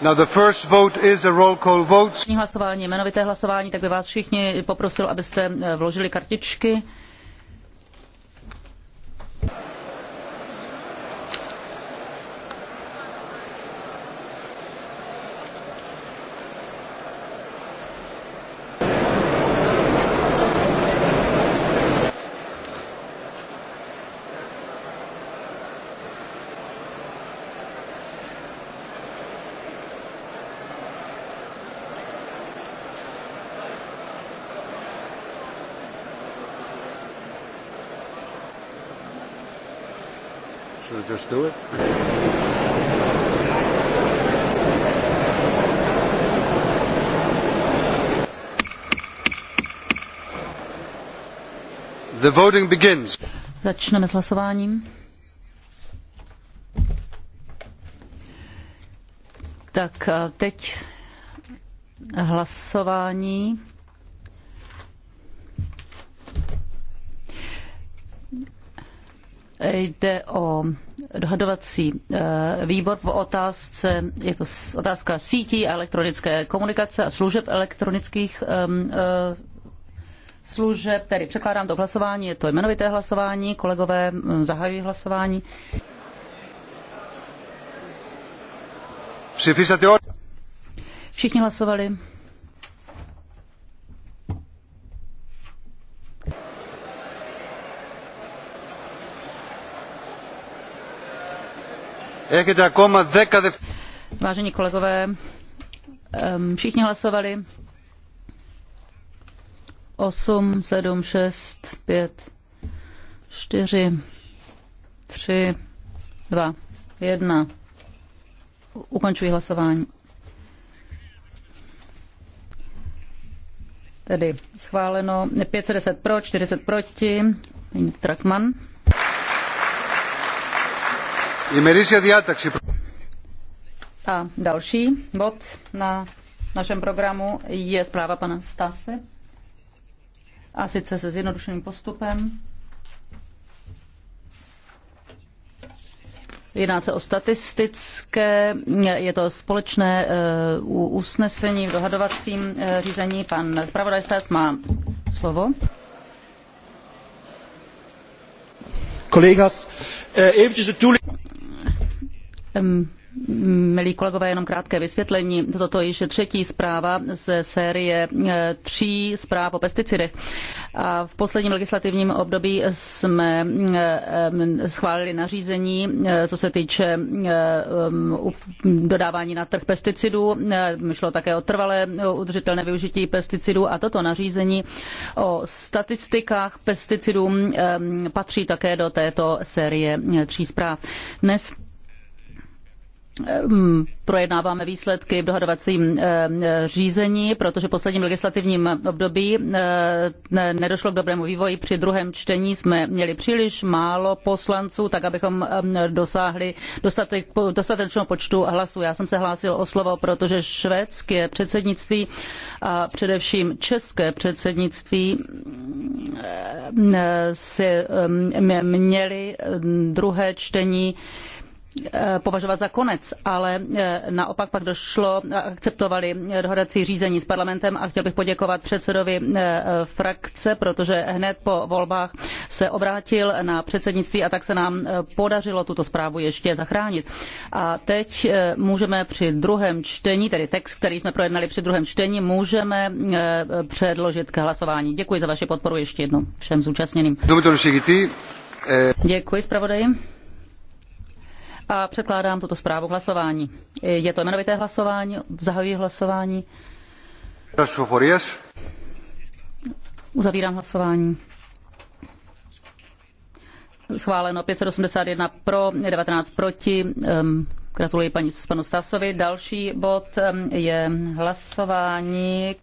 Now the first vote is a roll call vote. Hlasování, jmenovité hlasování, tak by vás všichni poprosil, abyste eh, vložili kartičky. Should just do it? The voting begins. Začneme s hlasováním. Tak teď hlasování. Jde o dohadovací eh, výbor v otázce, je to otázka sítí a elektronické komunikace a služeb elektronických eh, služeb, tedy překládám to hlasování, je to jmenovité hlasování, kolegové mm, zahajují hlasování. Všichni hlasovali. Vážení kolegové, všichni hlasovali. 8, 7, 6, 5, 4, 3, 2, 1. Ukončuji hlasování. Tedy schváleno 510 pro, 40 proti. Paní Trakman. A další bod na našem programu je zpráva pana Stase. A sice se zjednodušeným postupem. Jedná se o statistické, je to společné eh, usnesení v dohadovacím eh, řízení. Pan zpravodaj Stas má slovo. Kolegas, uh, eh, Ehm, milí kolegové, jenom krátké vysvětlení. Toto již je třetí zpráva ze série eh, tří zpráv o pesticidech. A v posledním legislativním období jsme eh, ehm, schválili nařízení, eh, co se týče ehm, dodávání na trh pesticidů. Myšlo také o trvalé udržitelné využití pesticidů a toto nařízení o statistikách pesticidů patří také do této série tří zpráv. Dnes Ehm, projednáváme výsledky v dohadovacím ehm, řízení, protože v posledním legislativním období ehm, nedošlo k dobrému vývoji. Při druhém čtení jsme měli příliš málo poslanců, tak abychom dosáhli dostatečného počtu hlasů. Já jsem se hlásil o slovo, protože švédské předsednictví a především české předsednictví si měli druhé čtení Eh, považovat za konec, ale eh, naopak pak došlo, akceptovali dohodací řízení s parlamentem a chtěl bych poděkovat předsedovi eh, frakce, protože hned po volbách se obrátil na předsednictví a tak se nám podařilo tuto zprávu ještě zachránit. A teď můžeme při druhém čtení, tedy text, který jsme projednali při druhém čtení, můžeme předložit k hlasování. Děkuji za vaši podporu ještě jednou všem zúčastněným. Děkuji zpravodaji a předkládám tuto zprávu k hlasování. Je to jmenovité hlasování, zahajuji hlasování. Uzavírám hlasování. Schváleno 581 pro, 19 proti. Gratuluji paní, panu Stasovi. Další bod je hlasování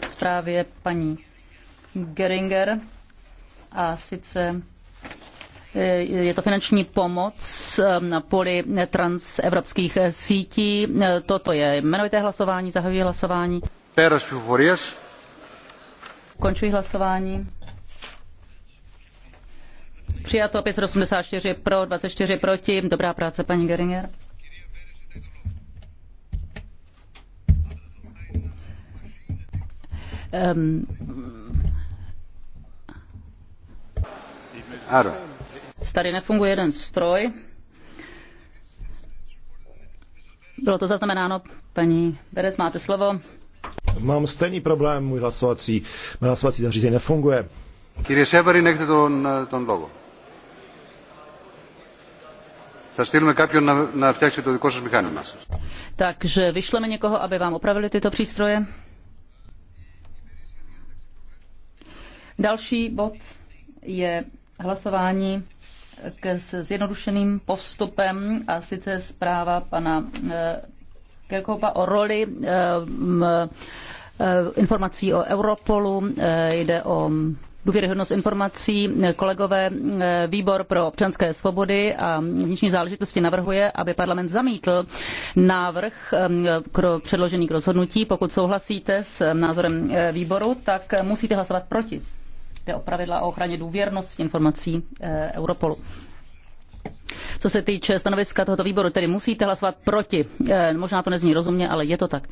k zprávě paní Geringer a sice je to finanční pomoc ehm, na poli transevropských sítí. Toto je jmenovité hlasování, zahajuji hlasování. Končuji hlasování. Přijato 584 pro, 24 proti. Dobrá práce, paní Geringer. Um, Tady nefunguje jeden stroj. Bylo to zaznamenáno. Paní Berez, máte slovo. Mám stejný problém, můj hlasovací, můj hlasovací zařízení nefunguje. Kyrie Severin, nechte to na tom logo? Takže vyšleme někoho, aby vám opravili tyto přístroje. Další bod je hlasování k zjednodušeným postupem a sice zpráva pana eh, Kerkoupa o roli eh, eh, informací o Europolu, jde o důvěryhodnost informací. Kolegové, výbor pro občanské svobody a vnitřní záležitosti navrhuje, aby parlament zamítl návrh předložený k rozhodnutí. Pokud souhlasíte s názorem výboru, tak musíte hlasovat proti jde o pravidla o ochraně důvěrnosti informací eh, Europolu. Co se týče stanoviska tohoto výboru, tedy musíte hlasovat proti. Eh, možná to nezní rozumně, ale je to tak.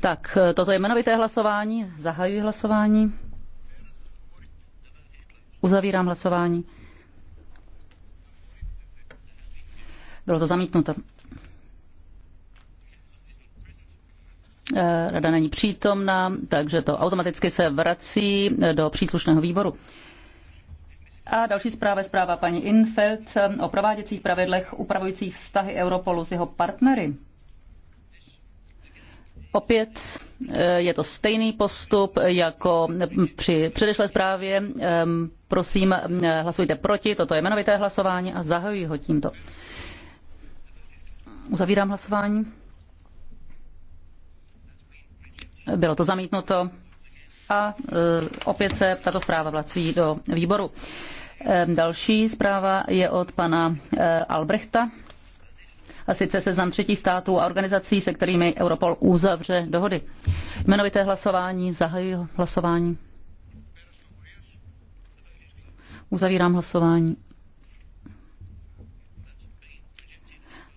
Tak, eh, toto je jmenovité hlasování. Zahajuji hlasování. Uzavírám hlasování. Bylo to zamítnuto. Eh, rada není přítomná, takže to automaticky se vrací eh, do příslušného výboru. A další zpráva je zpráva paní Infeld eh, o prováděcích pravidlech upravujících vztahy Europolu s jeho partnery. Opět je to stejný postup jako při předešlé zprávě. Ehm, prosím, hlasujte proti, toto je jmenovité hlasování a zahajuji ho tímto. Uzavírám hlasování bylo to zamítnuto a e, opět se tato zpráva vrací do výboru. E, další zpráva je od pana e, Albrechta a sice seznam třetích států a organizací, se kterými Europol uzavře dohody. Jmenovité hlasování, zahajuji hlasování. Uzavírám hlasování.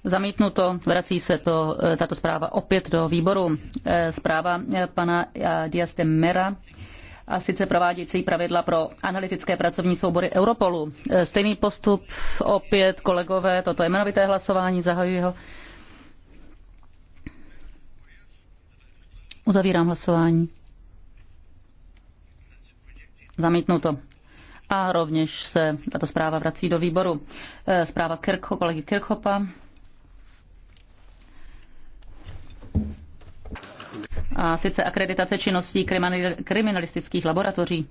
Zamítnuto, vrací se to, e, tato zpráva opět do výboru. E, zpráva e, pana Diaz de Mera a sice provádějící pravidla pro analytické pracovní soubory Europolu. Stejný postup opět, kolegové, toto jmenovité hlasování, zahajuji ho. Uzavírám hlasování. Zamítnuto. A rovněž se tato zpráva vrací do výboru. Zpráva Kirkho, kolegy Kirchhopa. a sice akreditace činností kriminalistických laboratoří.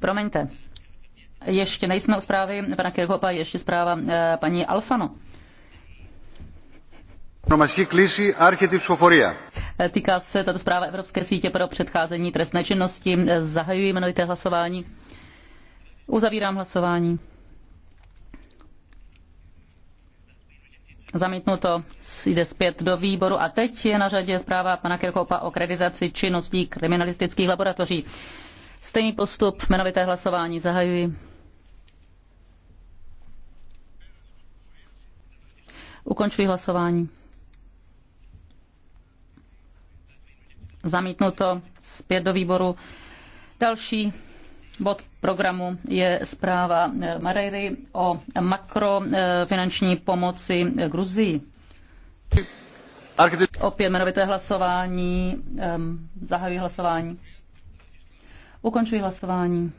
Promiňte, ještě nejsme u zprávy pana Kirchhoffa, ještě zpráva eh, paní Alfano. Ονομαστική κλίση, άρχεται η ψηφοφορία. Týká se tato zpráva Evropské sítě pro předcházení trestné činnosti. Zahajuji jmenovité hlasování. Uzavírám hlasování. Zamítnuto jde zpět do výboru a teď je na řadě zpráva pana Kirchopa o kreditaci činností kriminalistických laboratoří. Stejný postup, jmenovité hlasování zahajuji. Ukončuji hlasování. zamítnuto zpět do výboru. Další bod programu je zpráva eh, Marejry o makrofinanční pomoci Gruzii. Opět jmenovité hlasování. Ehm, zahajuji hlasování. Ukončuji hlasování.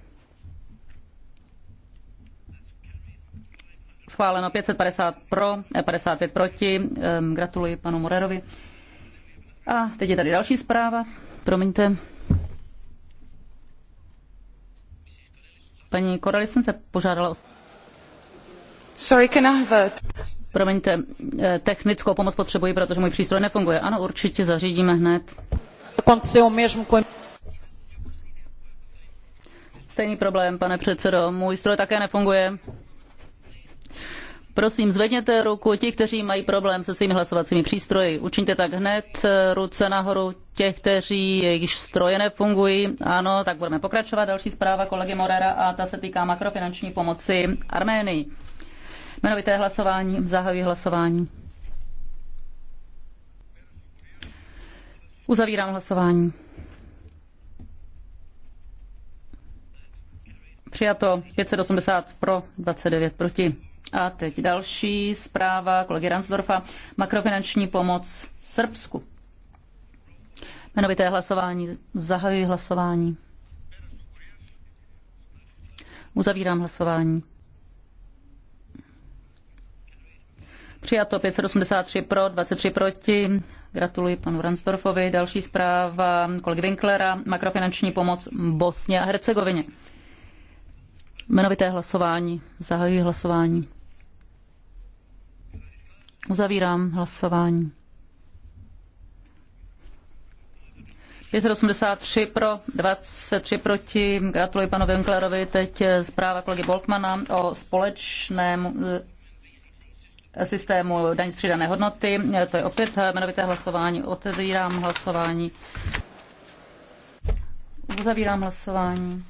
Schváleno 550 pro, 55 eh, proti. Ehm, gratuluji panu Morerovi. A teď je tady další zpráva. Promiňte. Paní Korali jsem se požádala o... Sorry, can I have Promiňte, eh, technickou pomoc potřebuji, protože můj přístroj nefunguje. Ano, určitě zařídíme hned. Stejný problém, pane předsedo. Můj stroj také nefunguje. Prosím, zvedněte ruku ti, kteří mají problém se svými hlasovacími přístroji. Učiňte tak hned, ruce nahoru těch, kteří jejichž stroje nefungují. Ano, tak budeme pokračovat. Další zpráva kolegy Morera a ta se týká makrofinanční pomoci Arménii. Jmenovité hlasování, zahajují hlasování. Uzavírám hlasování. Přijato 580 pro, 29 proti. A teď další zpráva kolegy Ransdorfa. Makrofinanční pomoc Srbsku. Jmenovité hlasování. Zahajuji hlasování. Uzavírám hlasování. Přijato 583 pro, 23 proti. Gratuluji panu Ransdorfovi. Další zpráva kolegy Winklera. Makrofinanční pomoc Bosně a Hercegovině. Jmenovité hlasování. Zahajuji hlasování. Uzavírám hlasování. 583 pro, 23 proti. Gratuluji panu Winklerovi. Teď eh, zpráva kolegy Boltmana o společném eh, systému daň z přidané hodnoty. Eh, to je opět jmenovité hlasování. Otevírám hlasování. Uzavírám hlasování.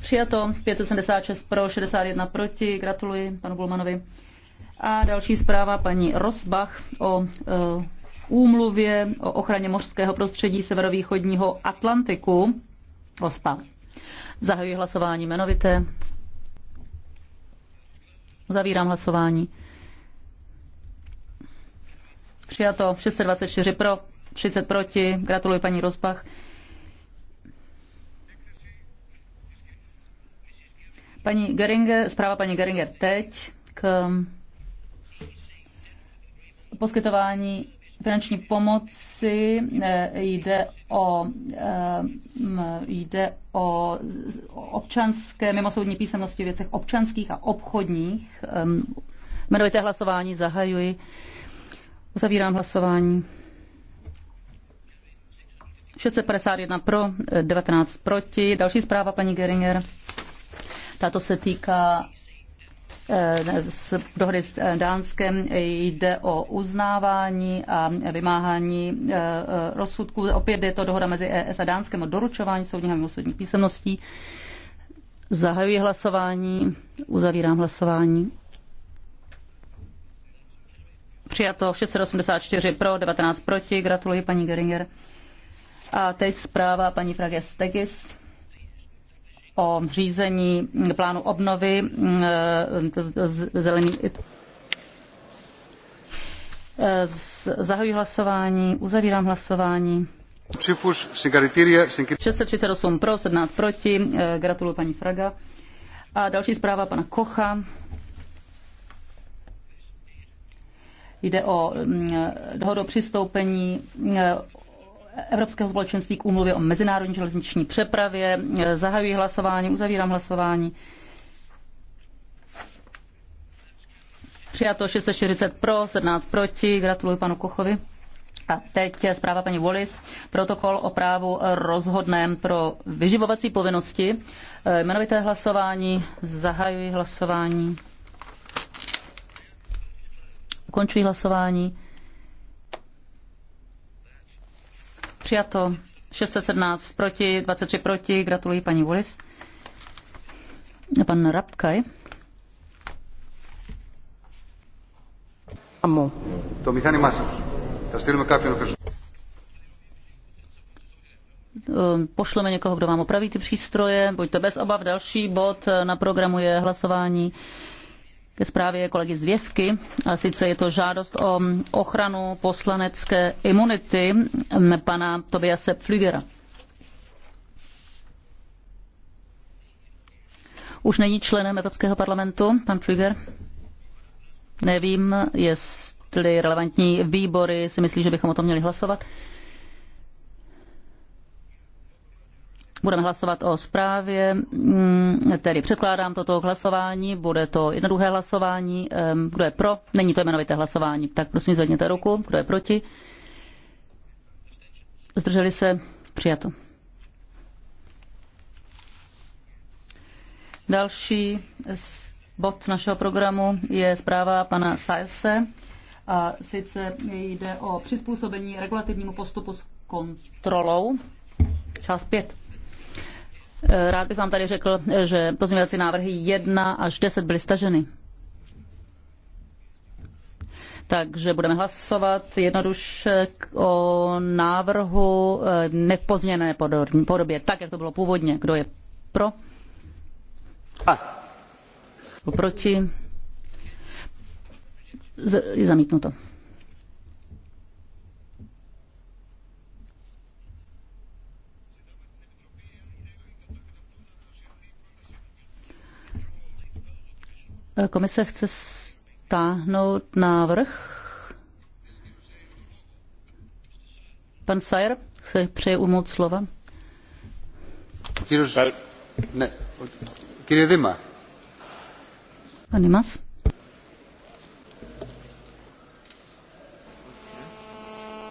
Přijato 576 pro, 61 proti. Gratuluji panu Bulmanovi. A další zpráva paní Rosbach o e, úmluvě o ochraně mořského prostředí severovýchodního Atlantiku, OSPA. Zahajuji hlasování jmenovité. Zavírám hlasování. Přijato 624 pro, 30 proti. Gratuluji paní Rozbach. Paní Geringer, zpráva paní Geringer teď k poskytování finanční pomoci eh, jde o, eh, jde o občanské mimosoudní písemnosti v věcech občanských a obchodních. Jmenovité hlasování zahajuji. Uzavírám hlasování. 651 pro, 19 eh, proti. Další zpráva, paní Geringer. Tato se týká z eh, dohody s eh, Dánskem jde o uznávání a vymáhání eh, rozsudků. Opět je to dohoda mezi ES a Dánskem o doručování soudních a mimosoudních písemností. Zahajuji hlasování, uzavírám hlasování. Přijato 684 pro, 19 proti. Gratuluji paní Geringer. A teď zpráva paní Frage Stegis o zřízení plánu obnovy eh, zelený eh, Zahajuji hlasování, uzavírám hlasování. 638 pro, 17 proti. Eh, gratuluji paní Fraga. A další zpráva pana Kocha. Jde o mm, dohodu o přistoupení Evropského společenství k úmluvě o mezinárodní železniční přepravě. Zahajuji hlasování, uzavírám hlasování. Přijato 640 pro, 17 proti. Gratuluji panu Kochovi. A teď zpráva paní Wallis. Protokol o právu rozhodném pro vyživovací povinnosti. Jmenovité hlasování. Zahajuji hlasování. ukončuji hlasování. Přijato 617 proti, 23 proti. Gratuluji paní Wallis. Pan Rabkaj. Το To σας. Θα στείλουμε κάποιον Pošleme někoho, kdo vám opraví ty přístroje. Buďte bez obav. Další bod na programu je hlasování ke zprávě kolegy Zvěvky, a sice je to žádost o ochranu poslanecké imunity pana Tobiase Pflügera. Už není členem Evropského parlamentu, pan Pflüger? Nevím, jestli relevantní výbory si myslí, že bychom o tom měli hlasovat. Budeme hlasovat o zprávě, mm, tedy předkládám toto hlasování, bude to jednoduché hlasování. Kdo je pro? Není to jmenovité hlasování. Tak prosím zvedněte ruku. Kdo je proti? Zdrželi se? Přijato. Další bod našeho programu je zpráva pana Saese. A sice jde o přizpůsobení regulativnímu postupu s kontrolou. Část 5. Eh, rád bych vám tady řekl, eh, že pozměňovací návrhy 1 až 10 byly staženy. Takže budeme hlasovat jednoduše o návrhu eh, nepozměněné podobě, tak jak to bylo původně. Kdo je pro? A. Proti? Z- zamítnuto. Komise chce stáhnout návrh. Pan Sajer se přeje umout slova. Kyrie Dima. Pan Dimas.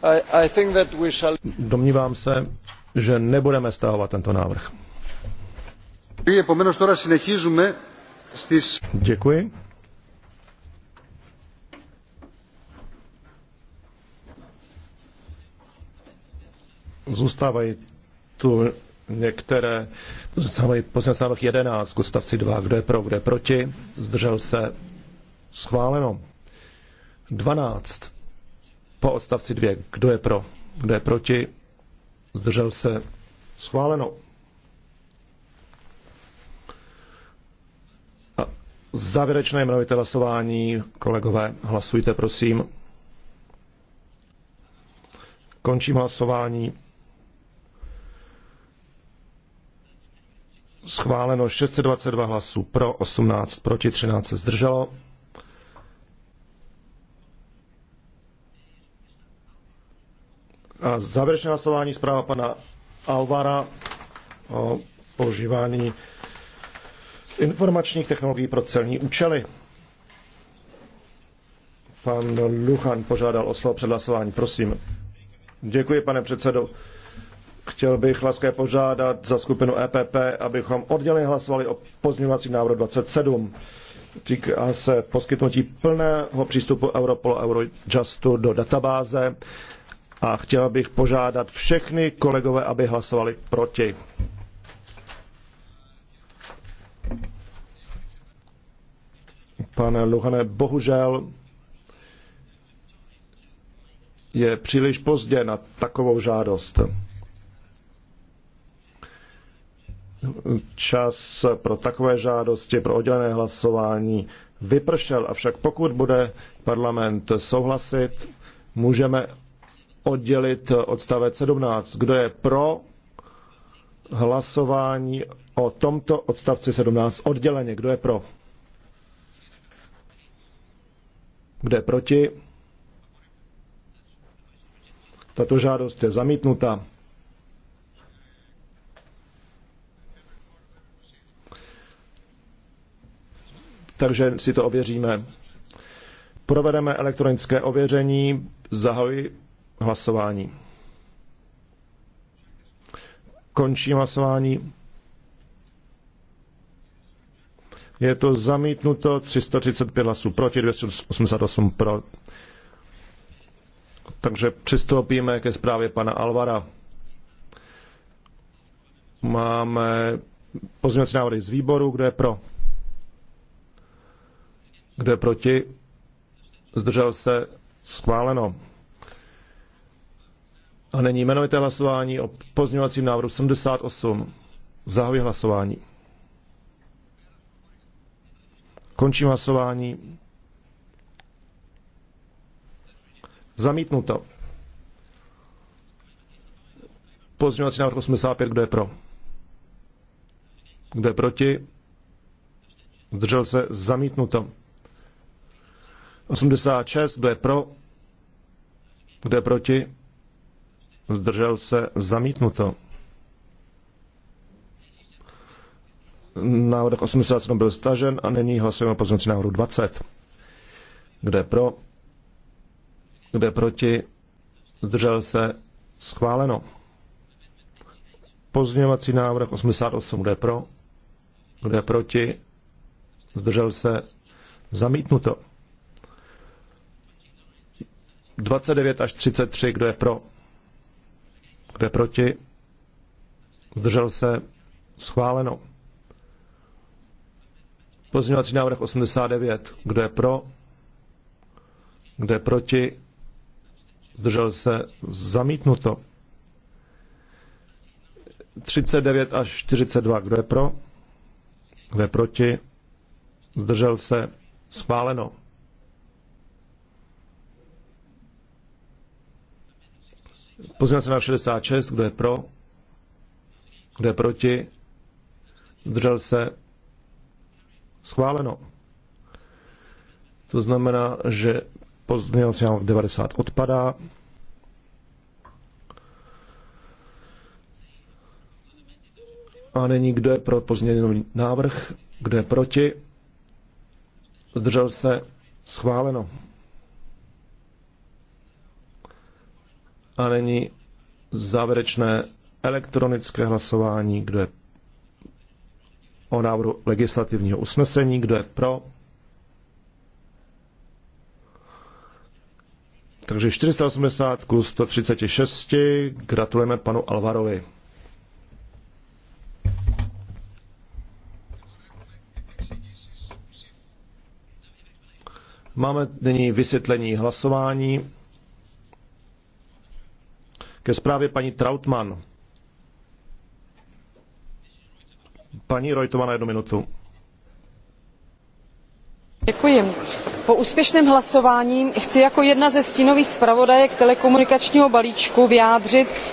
I, I think that we shall... Domnívám se, že nebudeme stahovat tento návrh. Επομένως τώρα συνεχίζουμε Děkuji. Zůstávají tu některé, zůstávají poslanec návrh 11, Gustavci 2, kdo je pro, kdo je proti, zdržel se schváleno. 12 po odstavci 2, kdo je pro, kdo je proti, zdržel se schváleno. Závěrečné jmenovité hlasování, kolegové, hlasujte prosím. Končím hlasování. Schváleno 622 hlasů pro, 18 proti, 13 se zdrželo. A závěrečné hlasování zpráva pana Alvara o používání informačních technologií pro celní účely. Pan Luchan požádal o slovo před hlasování, prosím. Děkuji, pane předsedo. Chtěl bych laské požádat za skupinu EPP, abychom odděleně hlasovali o pozměňovací návrhu 27. Týká se poskytnutí plného přístupu Europol a Eurojustu do databáze a chtěl bych požádat všechny kolegové, aby hlasovali proti. Pane Luhane, bohužel je příliš pozdě na takovou žádost. Čas pro takové žádosti, pro oddělené hlasování vypršel, avšak pokud bude parlament souhlasit, můžeme oddělit odstavec 17. Kdo je pro hlasování o tomto odstavci 17 odděleně? Kdo je pro? Kdo je proti? Tato žádost je zamítnuta. Takže si to ověříme. Provedeme elektronické ověření. Zahajuji hlasování. Končím hlasování. Je to zamítnuto 335 hlasů proti, 288 pro. Takže přistoupíme ke zprávě pana Alvara. Máme pozměňovací návrhy z výboru. Kdo je pro? Kdo je proti? Zdržel se? Schváleno. A není jmenovité hlasování o pozměňovacím návrhu 78. Zahajuji hlasování. Končím hlasování. Zamítnuto. Pozměňovací návrh 85, kdo je pro? Kdo je proti? Zdržel se zamítnuto. 86, kdo je pro? Kdo je proti? Zdržel se zamítnuto. Návrh 87 byl stažen a nyní hlasujeme o pozměnci návrhu 20. Kde pro? Kde proti? Zdržel se? Schváleno. Pozměňovací návrh 88. Kde pro? Kde proti? Zdržel se? Zamítnuto. 29 až 33. Kdo je pro? Kdo je proti? Zdržel se? Schváleno. Pozměňovací návrh 89. Kdo je pro? Kdo je proti? Zdržel se zamítnuto. 39 až 42. Kdo je pro? Kdo je proti? Zdržel se schváleno. Pozměňovací návrh 66. Kdo je pro? Kdo je proti? Zdržel se Schváleno. To znamená, že pozměňovací návrh 90 odpadá. A není kdo je pro pozměněný návrh, kdo je proti. Zdržel se schváleno. A není závěrečné elektronické hlasování, kdo je o návrhu legislativního usnesení. Kdo je pro? Takže 480 ku 136. Gratulujeme panu Alvarovi. Máme nyní vysvětlení hlasování ke zprávě paní Trautmann. Paní Rojtová na jednu minutu. Děkuji. po úspěšném hlasování chci jako jedna ze stínových zpravodajek telekomunikačního balíčku vyjádřit že